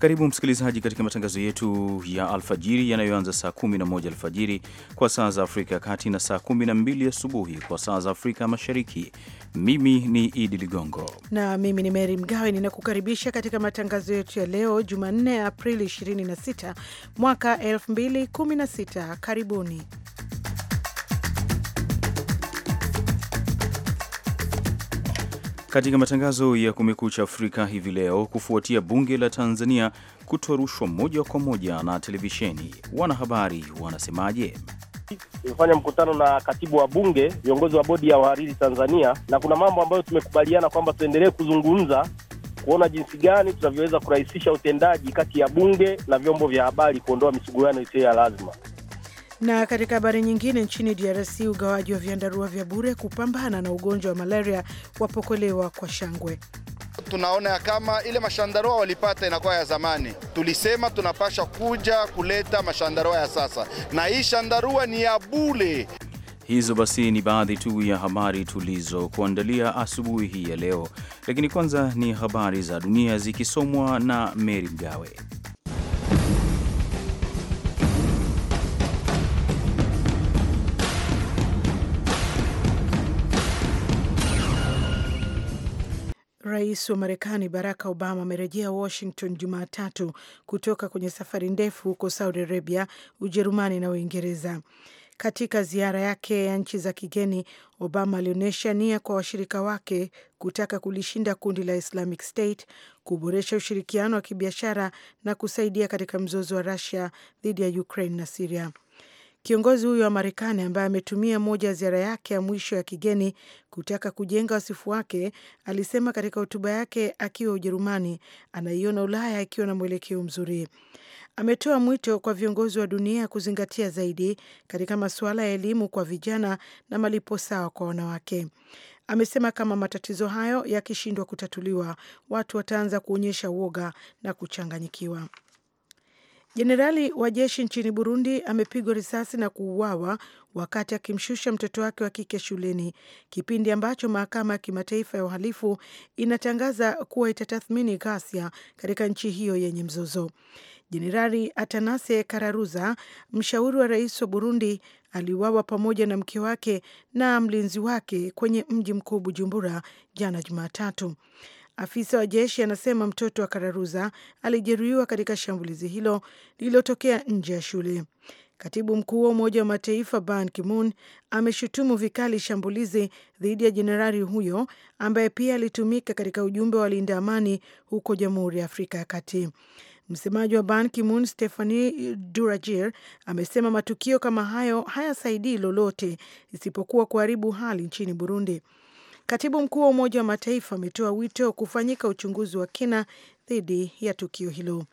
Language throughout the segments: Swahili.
Karibu msikilizaji katika matangazo yetu ya alfajiri yanayoanza saa 11 alfajiri kwa saa za Afrika ya Kati na saa 12 asubuhi kwa saa za Afrika Mashariki. Mimi ni Idi Ligongo na mimi ni mery Mgawe, ninakukaribisha katika matangazo yetu ya leo Jumanne, Aprili 26 mwaka 2016. Karibuni. katika matangazo ya Kumekucha Afrika hivi leo. Kufuatia bunge la Tanzania kutorushwa moja kwa moja na televisheni, wanahabari wanasemaje? Tumefanya mkutano na katibu wa bunge, viongozi wa bodi ya wahariri Tanzania, na kuna mambo ambayo tumekubaliana kwamba tuendelee kuzungumza kuona jinsi gani tunavyoweza kurahisisha utendaji kati ya bunge na vyombo vya habari, kuondoa misuguano isiyo ya lazima. Na katika habari nyingine, nchini DRC ugawaji wa vyandarua vya bure kupambana na ugonjwa wa malaria wapokelewa kwa shangwe. Tunaona ya kama ile mashandarua walipata inakuwa ya zamani. Tulisema tunapasha kuja kuleta mashandarua ya sasa, na hii shandarua ni ya bure. Hizo basi ni baadhi tu ya habari tulizokuandalia asubuhi hii ya leo, lakini kwanza ni habari za dunia zikisomwa na Meri Mgawe. Rais wa Marekani Barack Obama amerejea Washington Jumatatu kutoka kwenye safari ndefu huko Saudi Arabia, Ujerumani na Uingereza. Katika ziara yake ya nchi za kigeni, Obama alionyesha nia kwa washirika wake kutaka kulishinda kundi la Islamic State, kuboresha ushirikiano wa kibiashara na kusaidia katika mzozo wa Rusia dhidi ya Ukraine na Siria. Kiongozi huyo wa Marekani ambaye ametumia moja ya ziara yake ya mwisho ya kigeni kutaka kujenga wasifu wake alisema katika hotuba yake akiwa Ujerumani anaiona Ulaya akiwa na mwelekeo mzuri. Ametoa mwito kwa viongozi wa dunia kuzingatia zaidi katika masuala ya elimu kwa vijana na malipo sawa kwa wanawake. Amesema kama matatizo hayo yakishindwa kutatuliwa, watu wataanza kuonyesha uoga na kuchanganyikiwa. Jenerali wa jeshi nchini Burundi amepigwa risasi na kuuawa wakati akimshusha mtoto wake wa kike shuleni, kipindi ambacho mahakama ya kimataifa ya uhalifu inatangaza kuwa itatathmini ghasia katika nchi hiyo yenye mzozo. Jenerali Atanase Kararuza, mshauri wa rais wa Burundi, aliuawa pamoja na mke wake na mlinzi wake kwenye mji mkuu Bujumbura jana Jumatatu. Afisa wa jeshi anasema mtoto wa Kararuza alijeruhiwa katika shambulizi hilo lililotokea nje ya shule. Katibu mkuu wa Umoja wa Mataifa Ban Ki-moon ameshutumu vikali shambulizi dhidi ya jenerali huyo ambaye pia alitumika katika ujumbe wa walinda amani huko Jamhuri ya Afrika ya Kati. Msemaji wa Ban Ki-moon Stephanie Durajir amesema matukio kama hayo hayasaidii lolote isipokuwa kuharibu hali nchini Burundi. Katibu mkuu wa Umoja wa Mataifa ametoa wito wa kufanyika uchunguzi wa kina dhidi ya tukio hilo.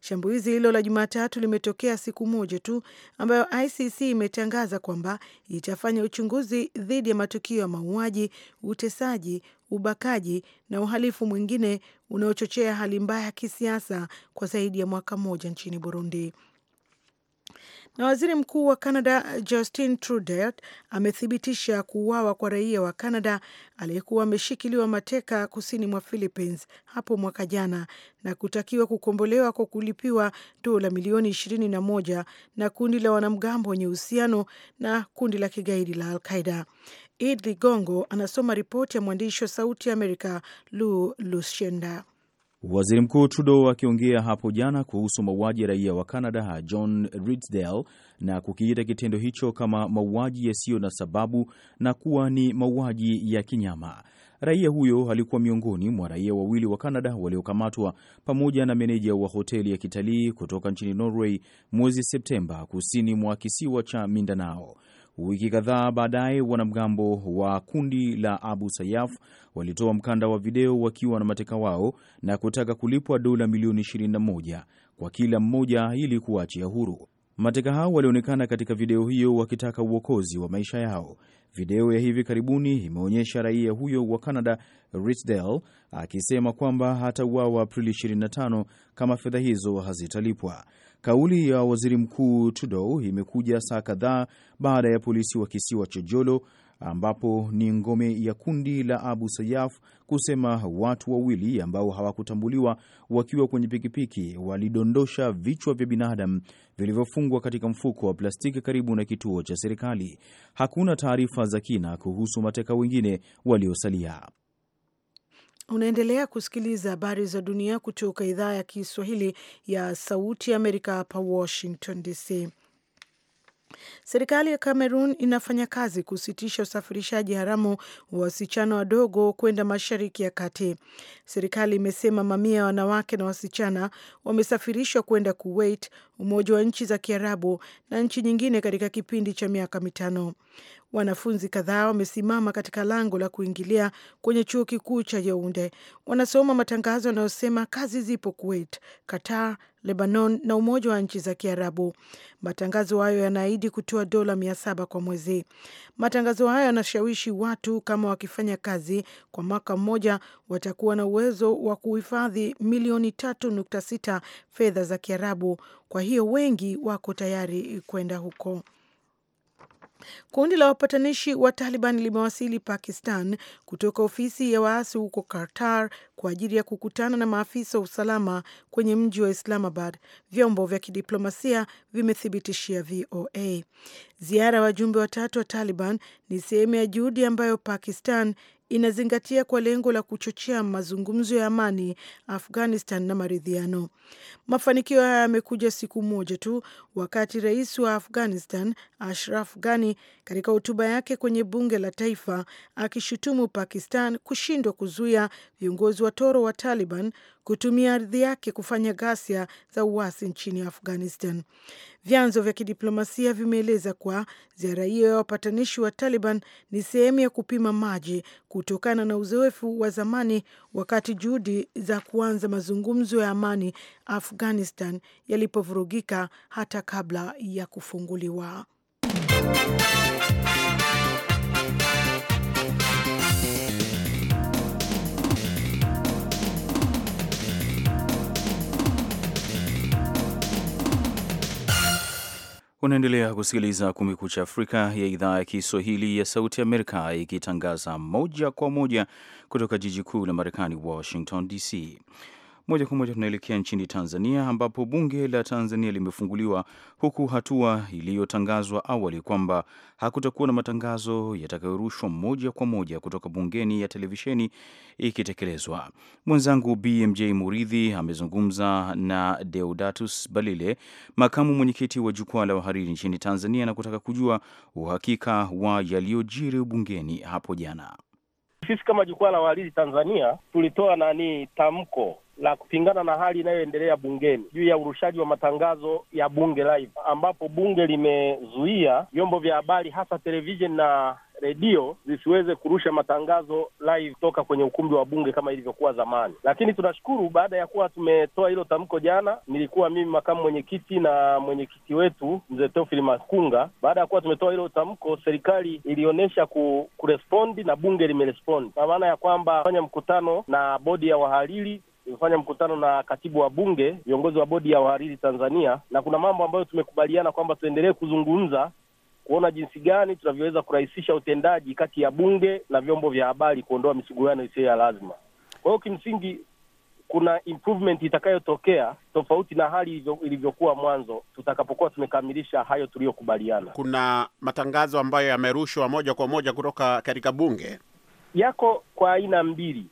Shambulizi hilo la Jumatatu limetokea siku moja tu ambayo ICC imetangaza kwamba itafanya uchunguzi dhidi ya matukio ya mauaji, utesaji, ubakaji na uhalifu mwingine unaochochea hali mbaya ya kisiasa kwa zaidi ya mwaka mmoja nchini Burundi. Na waziri mkuu wa Canada Justin Trudeau amethibitisha kuuawa kwa raia wa Canada aliyekuwa ameshikiliwa mateka kusini mwa Philippines hapo mwaka jana na kutakiwa kukombolewa kwa kulipiwa dola milioni ishirini na kundi la wanamgambo wenye uhusiano na kundi la kigaidi la alqaida qaida Id Ligongo anasoma ripoti ya mwandishi wa Sauti ya Amerika Lu Lushenda. Waziri Mkuu Trudeau akiongea hapo jana kuhusu mauaji ya raia wa Canada John Ridsdale na kukiita kitendo hicho kama mauaji yasiyo na sababu na kuwa ni mauaji ya kinyama. Raia huyo alikuwa miongoni mwa raia wawili wa Canada waliokamatwa pamoja na meneja wa hoteli ya kitalii kutoka nchini Norway mwezi Septemba kusini mwa kisiwa cha Mindanao. Wiki kadhaa baadaye, wanamgambo wa kundi la Abu Sayyaf walitoa mkanda wa video wakiwa na mateka wao na kutaka kulipwa dola milioni 21 kwa kila mmoja ili kuachia huru mateka hao. Walionekana katika video hiyo wakitaka uokozi wa maisha yao. Video ya hivi karibuni imeonyesha raia huyo wa Canada Ridsdale akisema kwamba hatauawa Aprili 25 kama fedha hizo hazitalipwa. Kauli ya waziri mkuu Trudeau imekuja saa kadhaa baada ya polisi wa kisiwa cha Jolo ambapo ni ngome ya kundi la Abu Sayyaf kusema watu wawili ambao hawakutambuliwa wakiwa kwenye pikipiki walidondosha vichwa vya binadamu vilivyofungwa katika mfuko wa plastiki karibu na kituo cha serikali. Hakuna taarifa za kina kuhusu mateka wengine waliosalia. Unaendelea kusikiliza habari za dunia kutoka idhaa ya Kiswahili ya Sauti ya Amerika hapa Washington DC. Serikali ya cameron inafanya kazi kusitisha usafirishaji haramu wa wasichana wadogo kwenda mashariki ya kati. Serikali imesema mamia ya wanawake na wasichana wamesafirishwa kwenda Kuwait, Umoja wa Nchi za Kiarabu na nchi nyingine katika kipindi cha miaka mitano. Wanafunzi kadhaa wamesimama katika lango la kuingilia kwenye chuo kikuu cha yeunde Wanasoma matangazo yanayosema kazi zipo Kuwait, Qatar, Lebanon na Umoja wa Nchi za Kiarabu. Matangazo hayo yanaahidi kutoa dola mia saba kwa mwezi. Matangazo hayo yanashawishi watu kama wakifanya kazi kwa mwaka mmoja watakuwa na uwezo wa kuhifadhi milioni tatu nukta sita fedha za Kiarabu. Kwa hiyo wengi wako tayari kwenda huko. Kundi la wapatanishi wa Taliban limewasili Pakistan kutoka ofisi ya waasi huko kartar kwa ajili ya kukutana na maafisa wa usalama kwenye mji wa Islamabad, vyombo vya kidiplomasia vimethibitishia VOA. Ziara ya wajumbe watatu wa Taliban ni sehemu ya juhudi ambayo Pakistan inazingatia kwa lengo la kuchochea mazungumzo ya amani Afghanistan na maridhiano. Mafanikio haya yamekuja siku moja tu wakati rais wa Afghanistan Ashraf Ghani katika hotuba yake kwenye bunge la taifa akishutumu Pakistan kushindwa kuzuia viongozi wa toro wa Taliban kutumia ardhi yake kufanya ghasia za uasi nchini Afghanistan. Vyanzo vya kidiplomasia vimeeleza kuwa ziara hiyo ya wapatanishi wa Taliban ni sehemu ya kupima maji kutokana na uzoefu wa zamani, wakati juhudi za kuanza mazungumzo ya amani Afghanistan yalipovurugika hata kabla ya kufunguliwa. Unaendelea kusikiliza Kumekucha Afrika ya idhaa ya Kiswahili ya Sauti Amerika, ikitangaza moja kwa moja kutoka jiji kuu la Marekani, Washington DC. Moja kwa moja tunaelekea nchini Tanzania ambapo bunge la Tanzania limefunguliwa huku hatua iliyotangazwa awali kwamba hakutakuwa na matangazo yatakayorushwa moja kwa moja kutoka bungeni ya televisheni ikitekelezwa. Mwenzangu BMJ Muridhi amezungumza na Deodatus Balile, makamu mwenyekiti wa jukwaa la wahariri nchini Tanzania, na kutaka kujua uhakika wa yaliyojiri bungeni hapo jana. Sisi kama jukwaa la wahariri Tanzania tulitoa nani tamko la kupingana na hali inayoendelea bungeni juu ya urushaji wa matangazo ya bunge live, ambapo bunge limezuia vyombo vya habari hasa televisheni na redio zisiweze kurusha matangazo live toka kwenye ukumbi wa bunge kama ilivyokuwa zamani. Lakini tunashukuru baada ya kuwa tumetoa hilo tamko jana, nilikuwa mimi makamu mwenyekiti na mwenyekiti wetu mzee Teofili Makunga. Baada ya kuwa tumetoa hilo tamko, serikali ilionyesha ku, kurespondi na bunge limerespondi, kwa maana ya kwamba fanya mkutano na bodi ya wahariri imefanya mkutano na katibu wa Bunge, viongozi wa bodi ya uhariri Tanzania, na kuna mambo ambayo tumekubaliana kwamba tuendelee kuzungumza kuona jinsi gani tunavyoweza kurahisisha utendaji kati ya bunge na vyombo vya habari, kuondoa misuguano isiyo ya lazima. Kwa hiyo kimsingi kuna improvement itakayotokea tofauti na hali ilivyokuwa mwanzo tutakapokuwa tumekamilisha hayo tuliyokubaliana. Kuna matangazo ambayo yamerushwa moja kwa moja kutoka katika bunge, yako kwa aina mbili,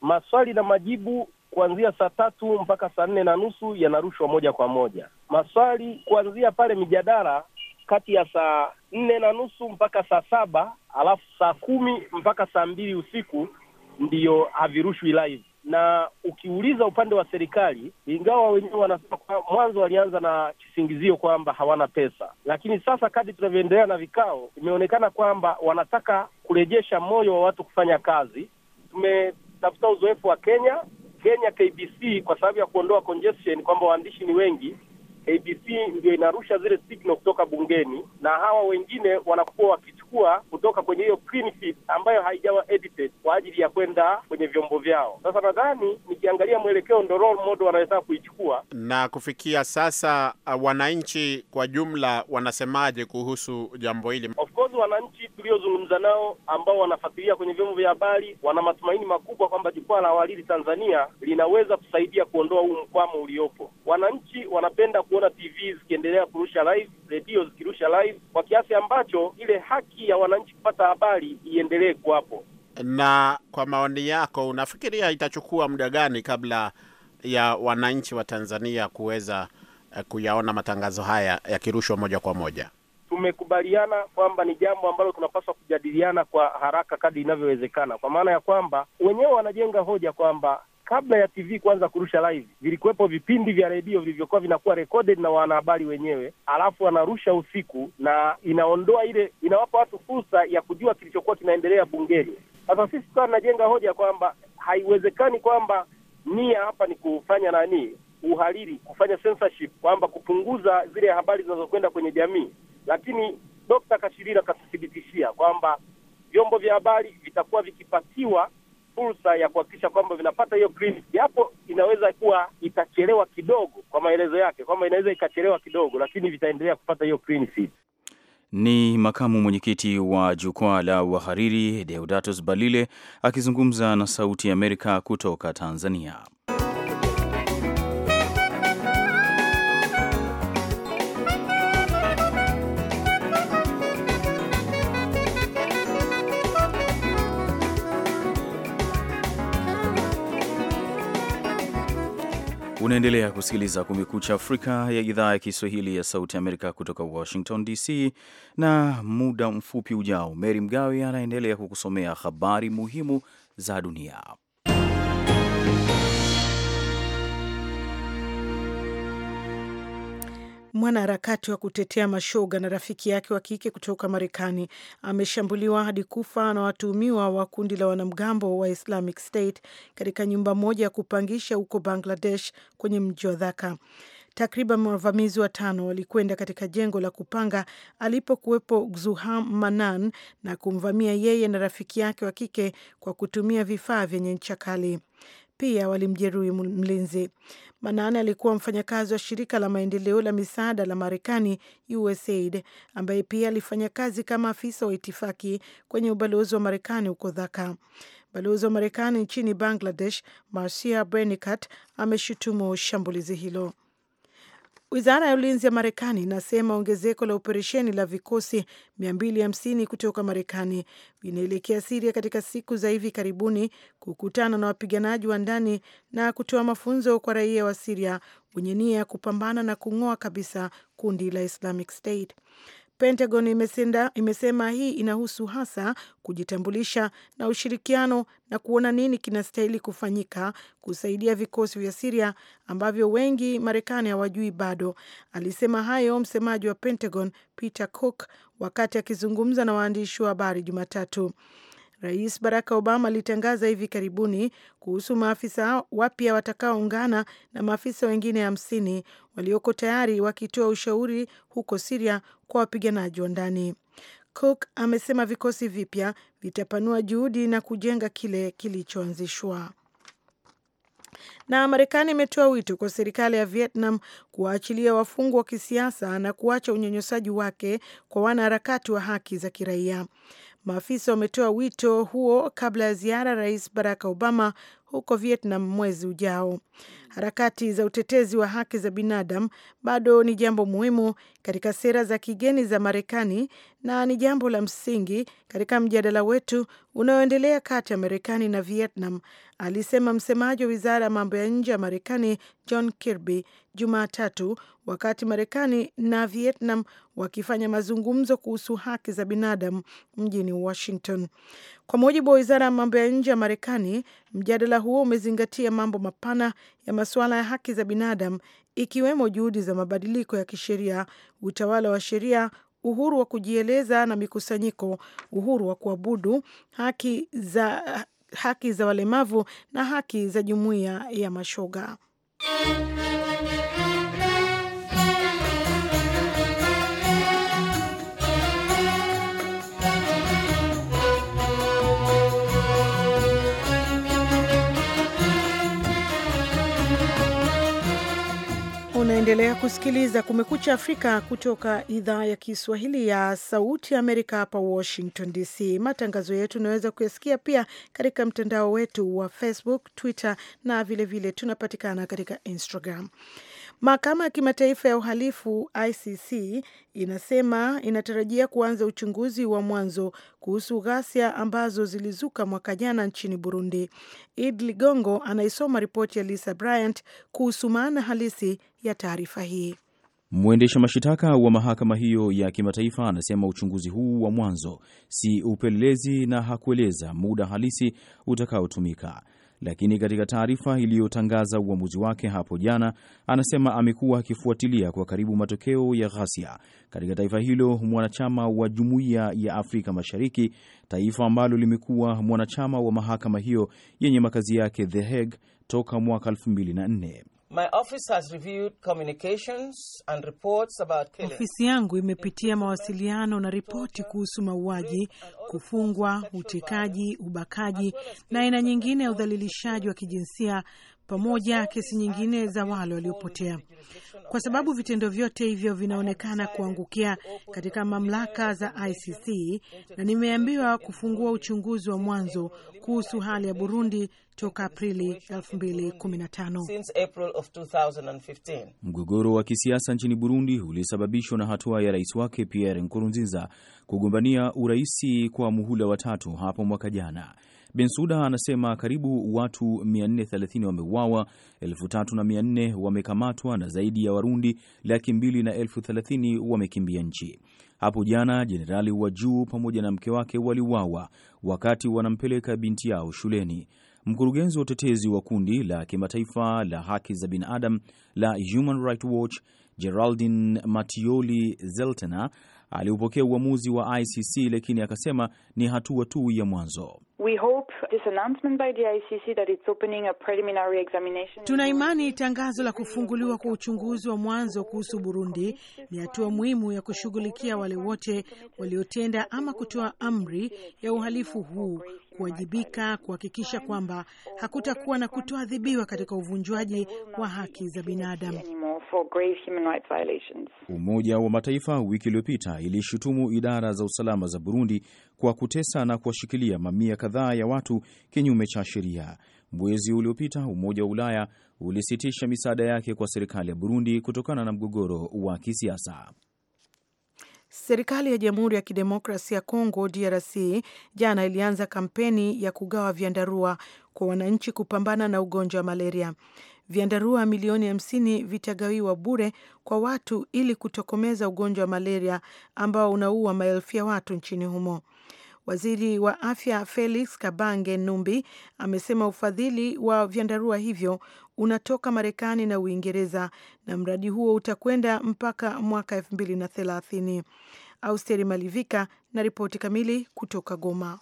maswali na majibu kuanzia saa tatu mpaka saa nne na nusu yanarushwa moja kwa moja. Maswali kuanzia pale mijadala kati ya saa nne na nusu mpaka saa saba alafu saa kumi mpaka saa mbili usiku ndiyo havirushwi live na ukiuliza upande wa serikali, ingawa wenyewe wanasema kwa mwanzo walianza na kisingizio kwamba hawana pesa, lakini sasa kadri tunavyoendelea na vikao, imeonekana kwamba wanataka kurejesha moyo wa watu kufanya kazi. Tumetafuta uzoefu wa Kenya, Kenya KBC kwa sababu ya kuondoa congestion kwamba waandishi ni wengi ABC ndio inarusha zile signal kutoka bungeni, na hawa wengine wanakuwa wakichukua kutoka kwenye hiyo clean feed ambayo haijawa edited kwa ajili ya kwenda kwenye vyombo vyao. Sasa nadhani nikiangalia mwelekeo ndo role model wanaweza kuichukua. Na kufikia sasa, uh, wananchi kwa jumla wanasemaje kuhusu jambo hili? Of course wananchi tuliozungumza nao ambao wanafuatilia kwenye vyombo vya habari wana matumaini makubwa kwamba jukwaa la wahariri Tanzania linaweza kusaidia kuondoa huu mkwamo uliopo. Wananchi wanapenda ku kuona TV zikiendelea kurusha live, redio zikirusha live kwa kiasi ambacho ile haki ya wananchi kupata habari iendelee kuwapo. Na kwa maoni yako, unafikiria itachukua muda gani kabla ya wananchi wa Tanzania kuweza eh, kuyaona matangazo haya yakirushwa moja kwa moja? Tumekubaliana kwamba ni jambo ambalo tunapaswa kujadiliana kwa haraka kadri inavyowezekana, kwa maana ya kwamba wenyewe wanajenga hoja kwamba kabla ya TV kuanza kurusha live, vilikuwepo vipindi vya redio vilivyokuwa vinakuwa recorded na wanahabari wenyewe, alafu wanarusha usiku, na inaondoa ile, inawapa watu fursa ya kujua kilichokuwa kinaendelea bungeni. Sasa sisi tukawa tunajenga hoja kwamba haiwezekani kwamba nia hapa ni kufanya nani, uhariri, kufanya censorship, kwamba kupunguza zile habari zinazokwenda kwenye jamii, lakini Dokta Kashirira akatuthibitishia kwamba vyombo vya habari vitakuwa vikipatiwa fursa ya kuhakikisha kwamba vinapata hiyo green, japo inaweza kuwa itachelewa kidogo, kwa maelezo yake kwamba inaweza ikachelewa kidogo, lakini vitaendelea kupata hiyo green seed. Ni makamu mwenyekiti wa jukwaa la wahariri Deodatus Balile akizungumza na Sauti ya Amerika kutoka Tanzania. Unaendelea kusikiliza Kumekucha Afrika ya idhaa ya Kiswahili ya Sauti Amerika kutoka Washington DC, na muda mfupi ujao mery Mgawe anaendelea kukusomea habari muhimu za dunia. Mwanaharakati wa kutetea mashoga na rafiki yake wa kike kutoka Marekani ameshambuliwa hadi kufa na watuhumiwa wa kundi la wanamgambo wa Islamic State katika nyumba moja ya kupangisha huko Bangladesh kwenye mji wa Dhaka. Takriban wavamizi watano walikwenda katika jengo la kupanga alipokuwepo Zuham Manan na kumvamia yeye na rafiki yake wa kike kwa kutumia vifaa vyenye ncha kali pia walimjeruhi mlinzi. Manane alikuwa mfanyakazi wa shirika la maendeleo la misaada la Marekani, USAID, ambaye pia alifanya kazi kama afisa wa itifaki kwenye ubalozi wa Marekani huko Dhaka. Balozi wa Marekani nchini Bangladesh, Marcia benicat ameshutumu shambulizi hilo. Wizara ya ulinzi ya Marekani inasema ongezeko la operesheni la vikosi 250 kutoka Marekani vinaelekea Siria katika siku za hivi karibuni kukutana na wapiganaji wa ndani na kutoa mafunzo kwa raia wa Siria wenye nia ya kupambana na kung'oa kabisa kundi la Islamic State. Pentagon imesenda, imesema hii inahusu hasa kujitambulisha na ushirikiano na kuona nini kinastahili kufanyika kusaidia vikosi vya Siria ambavyo wengi Marekani hawajui bado. Alisema hayo msemaji wa Pentagon Peter Cook wakati akizungumza na waandishi wa habari Jumatatu. Rais Barack Obama alitangaza hivi karibuni kuhusu maafisa wapya watakaoungana na maafisa wengine hamsini walioko tayari wakitoa ushauri huko Siria kwa wapiganaji wa ndani. Cook amesema vikosi vipya vitapanua juhudi na kujenga kile kilichoanzishwa. Na Marekani imetoa wito kwa serikali ya Vietnam kuwaachilia wafungwa wa kisiasa na kuacha unyanyasaji wake kwa wanaharakati wa haki za kiraia. Maafisa wametoa wito huo kabla ya ziara Rais Barack Obama huko Vietnam mwezi ujao. Harakati za utetezi wa haki za binadamu bado ni jambo muhimu katika sera za kigeni za Marekani na ni jambo la msingi katika mjadala wetu unaoendelea kati ya Marekani na Vietnam, alisema msemaji wa wizara ya mambo ya nje ya Marekani John Kirby Jumatatu, wakati Marekani na Vietnam wakifanya mazungumzo kuhusu haki za binadamu mjini Washington. Kwa mujibu wa wizara ya mambo ya nje ya Marekani, mjadala huo umezingatia mambo mapana ya masuala ya haki za binadamu, ikiwemo juhudi za mabadiliko ya kisheria, utawala wa sheria, uhuru wa kujieleza na mikusanyiko, uhuru wa kuabudu, haki za, haki za walemavu na haki za jumuiya ya mashoga. Unaendelea kusikiliza Kumekucha Afrika kutoka idhaa ya Kiswahili ya Sauti ya Amerika, hapa Washington DC. Matangazo yetu unaweza kuyasikia pia katika mtandao wetu wa Facebook, Twitter na vilevile vile tunapatikana katika Instagram. Mahakama ya Kimataifa ya Uhalifu ICC inasema inatarajia kuanza uchunguzi wa mwanzo kuhusu ghasia ambazo zilizuka mwaka jana nchini Burundi. Id Ligongo anaisoma ripoti ya Lisa Bryant kuhusu maana halisi ya taarifa hii. Mwendesha mashitaka wa mahakama hiyo ya kimataifa anasema uchunguzi huu wa mwanzo si upelelezi na hakueleza muda halisi utakaotumika. Lakini katika taarifa iliyotangaza uamuzi wake hapo jana, anasema amekuwa akifuatilia kwa karibu matokeo ya ghasia katika taifa hilo, mwanachama wa Jumuiya ya Afrika Mashariki, taifa ambalo limekuwa mwanachama wa mahakama hiyo yenye makazi yake The Hague toka mwaka 2004. Ofisi yangu imepitia mawasiliano na ripoti kuhusu mauaji, kufungwa, utekaji, ubakaji na aina nyingine ya udhalilishaji wa kijinsia pamoja kesi nyingine za wale waliopotea, kwa sababu vitendo vyote hivyo vinaonekana kuangukia katika mamlaka za ICC, na nimeambiwa kufungua uchunguzi wa mwanzo kuhusu hali ya Burundi toka Aprili 2015. Mgogoro wa kisiasa nchini Burundi ulisababishwa na hatua ya rais wake Pierre Nkurunziza kugombania uraisi kwa muhula watatu hapo mwaka jana. Bensuda anasema karibu watu 430 wameuawa, 3400 wamekamatwa na zaidi ya Warundi laki mbili na elfu wamekimbia nchi. Hapo jana jenerali wa juu pamoja na mke wake waliuawa wakati wanampeleka binti yao shuleni. Mkurugenzi wa utetezi wa kundi la kimataifa la haki za binadamu la Human Rights Watch Geraldine Matioli Zeltner aliupokea uamuzi wa ICC lakini akasema ni hatua tu ya mwanzo. Tuna imani tangazo la kufunguliwa kwa uchunguzi wa mwanzo kuhusu Burundi ni hatua muhimu ya kushughulikia wale wote waliotenda ama kutoa amri ya uhalifu huu kuwajibika kuhakikisha kwamba hakutakuwa na kutoadhibiwa katika uvunjwaji wa haki za binadamu. Umoja wa Mataifa wiki iliyopita ilishutumu idara za usalama za Burundi kwa kutesa na kuwashikilia mamia kadhaa ya watu kinyume cha sheria. Mwezi uliopita Umoja wa Ulaya ulisitisha misaada yake kwa serikali ya Burundi kutokana na mgogoro wa kisiasa. Serikali ya Jamhuri ya Kidemokrasia ya Congo, DRC jana ilianza kampeni ya kugawa vyandarua kwa wananchi kupambana na ugonjwa wa malaria. Vyandarua milioni hamsini vitagawiwa bure kwa watu ili kutokomeza ugonjwa wa malaria ambao unaua maelfu ya watu nchini humo. Waziri wa afya Felix Kabange Numbi amesema ufadhili wa vyandarua hivyo unatoka Marekani na Uingereza na mradi huo utakwenda mpaka mwaka elfu mbili na thelathini. Austeri Malivika na ripoti kamili kutoka Goma.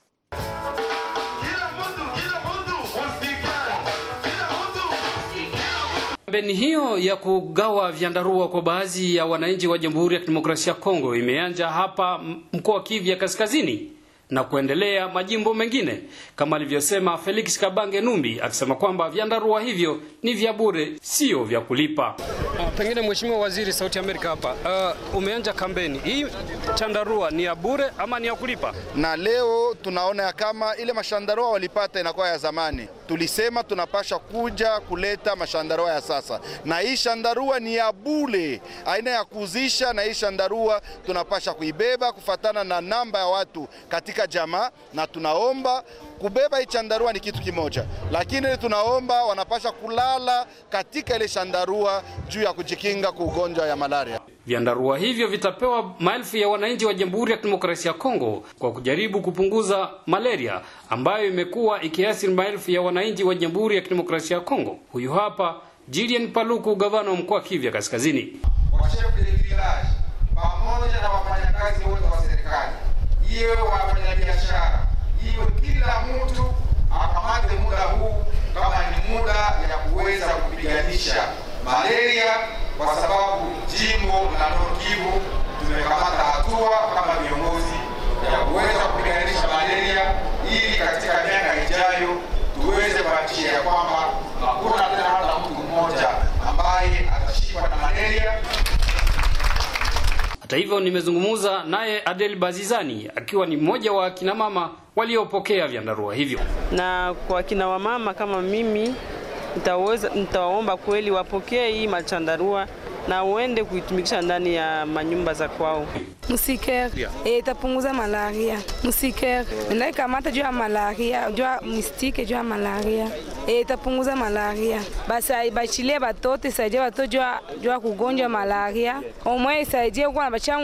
Kampeni hiyo ya kugawa vyandarua kwa baadhi ya wananchi wa Jamhuri ya Kidemokrasia ya Kongo imeanza hapa mkoa wa Kivu ya Kaskazini na kuendelea majimbo mengine, kama alivyosema Felix Kabange Numbi akisema kwamba vyandarua hivyo ni vya bure, sio vya kulipa. Ah, pengine Mheshimiwa Waziri, Sauti ya Amerika hapa, uh, ah, umeanja kampeni hii, chandarua ni ya bure ama ni ya kulipa? Na leo tunaona kama ile mashandarua walipata inakuwa ya zamani tulisema tunapasha kuja kuleta mashandarua ya sasa, na hii shandarua ni ya bule aina ya kuzisha, na hii shandarua tunapasha kuibeba kufatana na namba ya watu katika jamaa, na tunaomba kubeba hii shandarua ni kitu kimoja, lakini tunaomba wanapasha kulala katika ile shandarua juu ya kujikinga kwa ugonjwa ya malaria. Vyandarua hivyo vitapewa maelfu ya wananchi wa Jamhuri ya Kidemokrasia ya Kongo kwa kujaribu kupunguza malaria ambayo imekuwa ikiathiri maelfu ya wananchi wa Jamhuri ya Kidemokrasia ya Kongo. Huyu hapa Julien Paluku, gavana wa mkoa wa Kivu Kaskazini. pamoja na wafanyakazi wote wa serikali, iwe wafanyabiashara, iwe kila mtu akamate muda huu kama ni muda ya kuweza kupiganisha Hata hivyo, nimezungumza naye Adel Bazizani akiwa ni mmoja wa akina mama waliopokea vyandarua hivyo. Na kwa akina wamama kama mimi, nitaweza, nitawaomba kweli wapokee hii machandarua na uende kuitumikisha ndani ya manyumba za kwao. Musikere eh, itapunguza yeah. E, malaria musikere yeah. Oh. Naikamata juu ya malaria juu ya mistike juu ya malaria Eh, itapunguza malaria. Basi aibachilie batoto, isaidie batoto jua, jua kugonjwa malaria omwe, isaidie kuwa bacha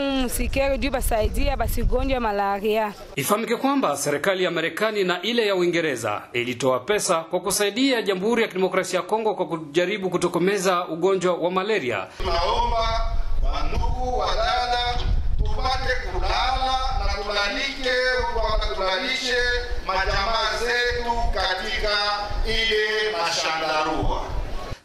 juu basaidia basigonjwa malaria. Ifahamike kwamba serikali ya Marekani na ile ya Uingereza ilitoa pesa kwa kusaidia Jamhuri ya Kidemokrasia ya Kongo kwa kujaribu kutokomeza ugonjwa wa malaria. Naomba wandugu, wadada, tupate kulala na tulalike, tulalike majamaa zetu katika ile mashandarua.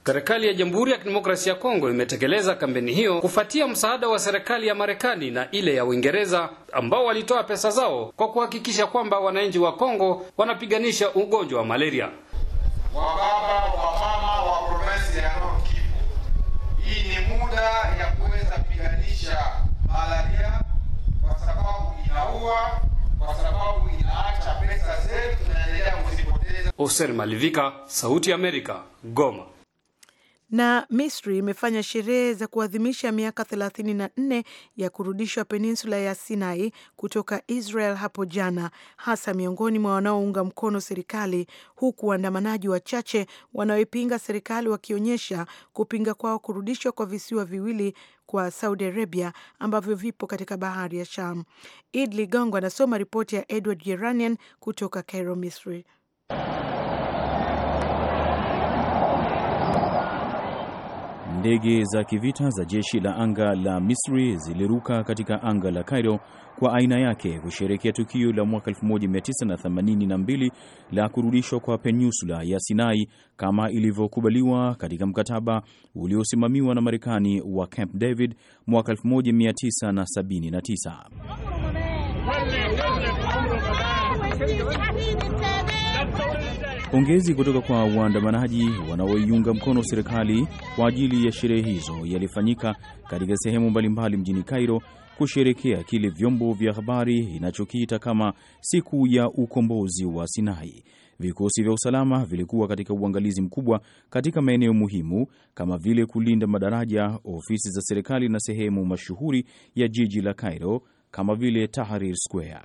Serikali ya Jamhuri ya Kidemokrasia ya Kongo imetekeleza kampeni hiyo kufuatia msaada wa serikali ya Marekani na ile ya Uingereza ambao walitoa pesa zao kwa kuhakikisha kwamba wananchi wa Kongo wanapiganisha ugonjwa wa malaria. Wababa wa mama wa provinsi ya Nord Kivu, hii ni muda ya kuweza kupiganisha malaria kwa sababu inaua Oser Malivika, Sauti ya Amerika, Goma. Na Misri imefanya sherehe za kuadhimisha miaka 34 ya kurudishwa peninsula ya Sinai kutoka Israel hapo jana, hasa miongoni mwa wanaounga mkono serikali, huku waandamanaji wachache wanaoipinga serikali wakionyesha kupinga kwao kurudishwa kwa visiwa viwili kwa Saudi Arabia ambavyo vipo katika bahari ya Sham. idli gongo anasoma ripoti ya Edward Yeranian kutoka Cairo, Misri. Ndege za kivita za jeshi la anga la Misri ziliruka katika anga la Cairo kwa aina yake kusherekea tukio la mwaka 1982 la kurudishwa kwa peninsula ya Sinai kama ilivyokubaliwa katika mkataba uliosimamiwa na Marekani wa Camp David mwaka 1979. Pongezi kutoka kwa waandamanaji wanaoiunga mkono serikali kwa ajili ya sherehe hizo yalifanyika katika sehemu mbalimbali mjini Cairo kusherekea kile vyombo vya habari inachokiita kama siku ya ukombozi wa Sinai. Vikosi vya usalama vilikuwa katika uangalizi mkubwa katika maeneo muhimu kama vile kulinda madaraja, ofisi za serikali na sehemu mashuhuri ya jiji la Cairo kama vile Tahrir Square.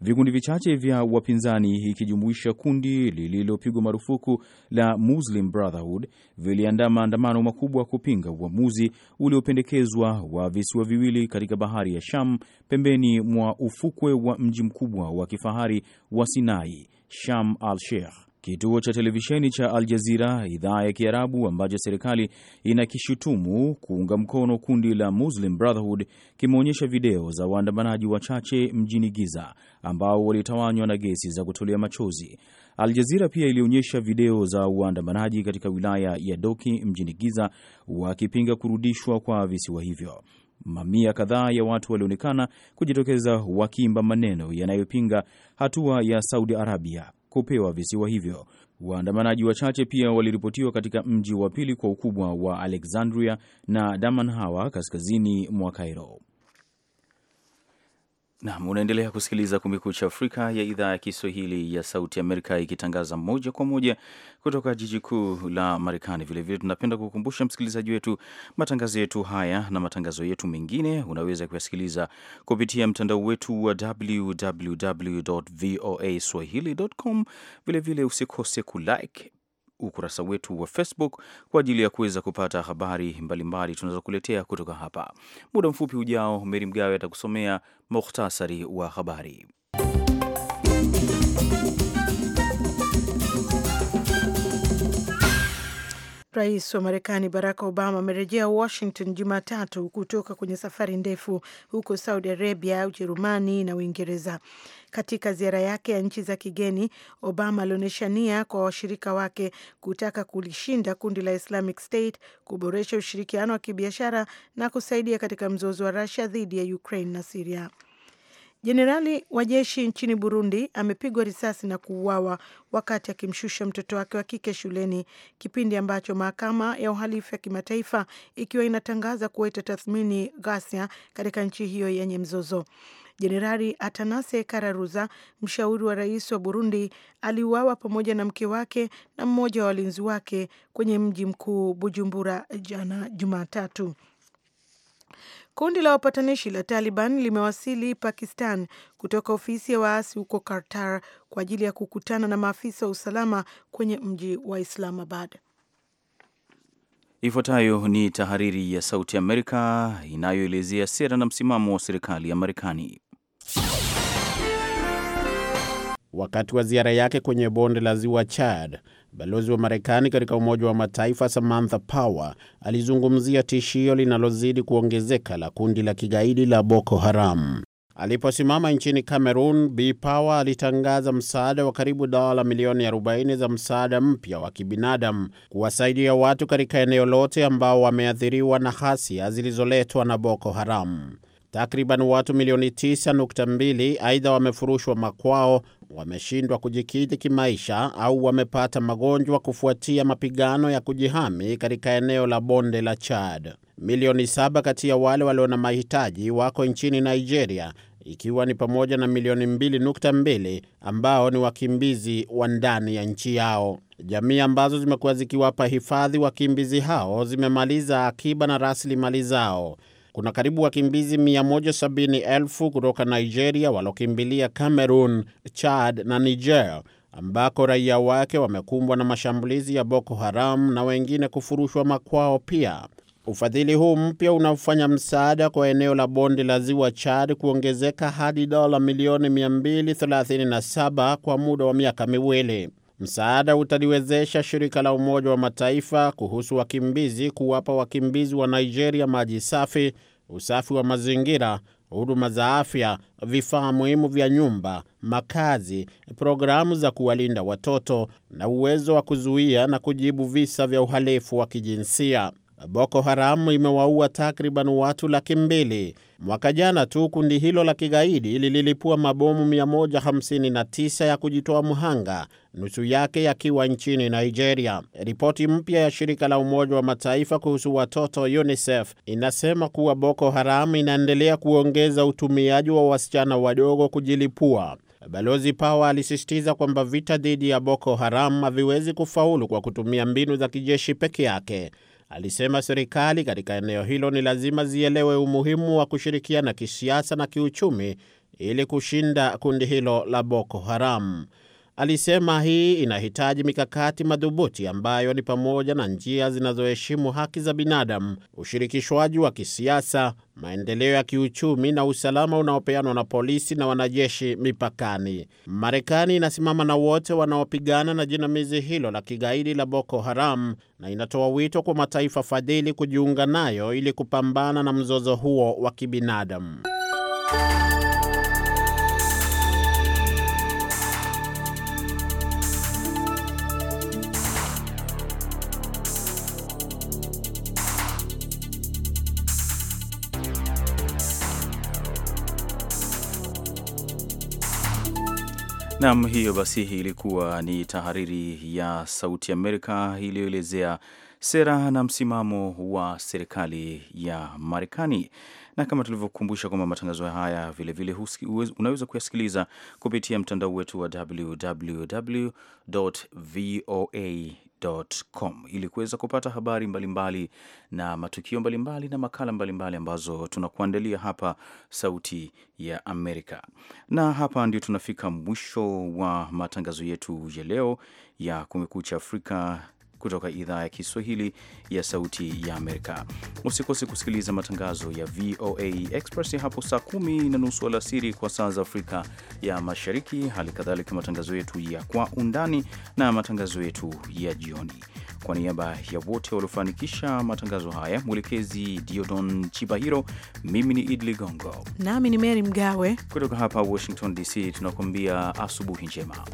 Vikundi vichache vya wapinzani ikijumuisha kundi lililopigwa marufuku la Muslim Brotherhood viliandaa maandamano makubwa kupinga uamuzi uliopendekezwa wa visiwa viwili katika bahari ya Sham pembeni mwa ufukwe wa mji mkubwa wa kifahari wa Sinai, Sham al-Sheikh. Kituo cha televisheni cha Al Jazira idhaa ya Kiarabu ambacho serikali inakishutumu kuunga mkono kundi la Muslim Brotherhood kimeonyesha video za waandamanaji wachache mjini Giza ambao walitawanywa na gesi za kutolea machozi. Al Jazira pia ilionyesha video za waandamanaji katika wilaya ya Doki mjini Giza wakipinga kurudishwa kwa visiwa hivyo. Mamia kadhaa ya watu walionekana kujitokeza wakiimba maneno yanayopinga hatua ya Saudi Arabia kupewa visiwa hivyo. Waandamanaji wachache pia waliripotiwa katika mji wa pili kwa ukubwa wa Alexandria na Damanhawa kaskazini mwa Cairo. Naam, unaendelea kusikiliza Kumekucha Afrika ya idhaa ya Kiswahili ya Sauti Amerika ikitangaza moja kwa moja kutoka jiji kuu la Marekani. Vilevile tunapenda kukumbusha msikilizaji wetu, matangazo yetu haya na matangazo yetu mengine unaweza kuyasikiliza kupitia mtandao wetu wa www voa swahili.com. Vilevile usikose kulike, ukurasa wetu wa Facebook kwa ajili ya kuweza kupata habari mbalimbali tunazokuletea kutoka hapa. Muda mfupi ujao, Meri Mgawe atakusomea muhtasari wa habari. Rais wa Marekani Barack Obama amerejea Washington Jumatatu kutoka kwenye safari ndefu huko Saudi Arabia, Ujerumani na Uingereza. Katika ziara yake ya nchi za kigeni, Obama alionyesha nia kwa washirika wake kutaka kulishinda kundi la Islamic State, kuboresha ushirikiano wa kibiashara na kusaidia katika mzozo wa rasia dhidi ya Ukraine na Siria. Jenerali wa jeshi nchini Burundi amepigwa risasi na kuuawa wakati akimshusha mtoto wake wa kike shuleni, kipindi ambacho mahakama ya uhalifu ya kimataifa ikiwa inatangaza kuweta tathmini ghasia katika nchi hiyo yenye mzozo. Jenerali Atanase Kararuza, mshauri wa rais wa Burundi, aliuawa pamoja na mke wake na mmoja wa walinzi wake kwenye mji mkuu Bujumbura jana Jumatatu. Kundi la wapatanishi la Taliban limewasili Pakistan kutoka ofisi ya waasi huko kartar kwa ajili ya kukutana na maafisa wa usalama kwenye mji wa Islamabad. Ifuatayo ni tahariri ya Sauti Amerika inayoelezea sera na msimamo wa serikali ya Marekani. Wakati wa ziara yake kwenye bonde la ziwa Chad, Balozi wa Marekani katika Umoja wa Mataifa Samantha Power alizungumzia tishio linalozidi kuongezeka la kundi la kigaidi la Boko Haram. Aliposimama nchini Cameroon, b Power alitangaza msaada wa karibu dola milioni 40 za msaada mpya wa kibinadamu kuwasaidia watu katika eneo lote ambao wameathiriwa na ghasia zilizoletwa na Boko Haram. Takriban watu milioni 9.2 aidha wamefurushwa makwao, wameshindwa kujikidhi kimaisha au wamepata magonjwa kufuatia mapigano ya kujihami katika eneo la bonde la Chad. Milioni saba kati ya wale walio na mahitaji wako nchini Nigeria, ikiwa ni pamoja na milioni 2.2 ambao ni wakimbizi wa ndani ya nchi yao. Jamii ambazo zimekuwa zikiwapa hifadhi wakimbizi hao zimemaliza akiba na rasilimali zao kuna karibu wakimbizi 170,000 kutoka Nigeria walokimbilia Cameroon, Chad na Niger ambako raia wake wamekumbwa na mashambulizi ya Boko Haram na wengine kufurushwa makwao. Pia ufadhili huu mpya unaofanya msaada kwa eneo la bonde la ziwa Chad kuongezeka hadi dola milioni 237 kwa muda wa miaka miwili. Msaada utaliwezesha shirika la Umoja wa Mataifa kuhusu wakimbizi kuwapa wakimbizi wa Nigeria maji safi, usafi wa mazingira, huduma za afya, vifaa muhimu vya nyumba, makazi, programu za kuwalinda watoto na uwezo wa kuzuia na kujibu visa vya uhalifu wa kijinsia. Boko Haram imewaua takriban watu laki mbili. Mwaka jana tu kundi hilo la kigaidi lililipua mabomu 159 ya kujitoa mhanga, nusu yake yakiwa nchini Nigeria. Ripoti mpya ya shirika la Umoja wa Mataifa kuhusu watoto UNICEF inasema kuwa Boko Haram inaendelea kuongeza utumiaji wa wasichana wadogo kujilipua. Balozi Pawa alisisitiza kwamba vita dhidi ya Boko Haram haviwezi kufaulu kwa kutumia mbinu za kijeshi peke yake alisema serikali katika eneo hilo ni lazima zielewe umuhimu wa kushirikiana kisiasa na kiuchumi ili kushinda kundi hilo la Boko Haram. Alisema hii inahitaji mikakati madhubuti ambayo ni pamoja na njia zinazoheshimu haki za binadamu, ushirikishwaji wa kisiasa, maendeleo ya kiuchumi na usalama unaopeanwa na polisi na wanajeshi mipakani. Marekani inasimama na wote wanaopigana na jinamizi hilo la kigaidi la Boko Haram na inatoa wito kwa mataifa fadhili kujiunga nayo ili kupambana na mzozo huo wa kibinadamu. Nam, hiyo basi ilikuwa ni tahariri ya Sauti Amerika iliyoelezea sera na msimamo wa serikali ya Marekani, na kama tulivyokumbusha kwamba matangazo haya vilevile vile unaweza kuyasikiliza kupitia mtandao wetu wa www voa Com, ili kuweza kupata habari mbalimbali mbali na matukio mbalimbali mbali na makala mbalimbali mbali ambazo tunakuandalia hapa Sauti ya Amerika. Na hapa ndio tunafika mwisho wa matangazo yetu ya leo ya Kumekucha Afrika kutoka idhaa ya Kiswahili ya Sauti ya Amerika. Usikose kusikiliza matangazo ya VOA Express hapo saa kumi na nusu alasiri kwa saa za Afrika ya Mashariki, hali kadhalika matangazo yetu ya Kwa Undani na matangazo yetu ya jioni. Kwa niaba ya wote waliofanikisha matangazo haya, mwelekezi Diodon Chibahiro, mimi ni Idi Ligongo nami ni Meri Mgawe kutoka hapa Washington DC, tunakuambia asubuhi njema.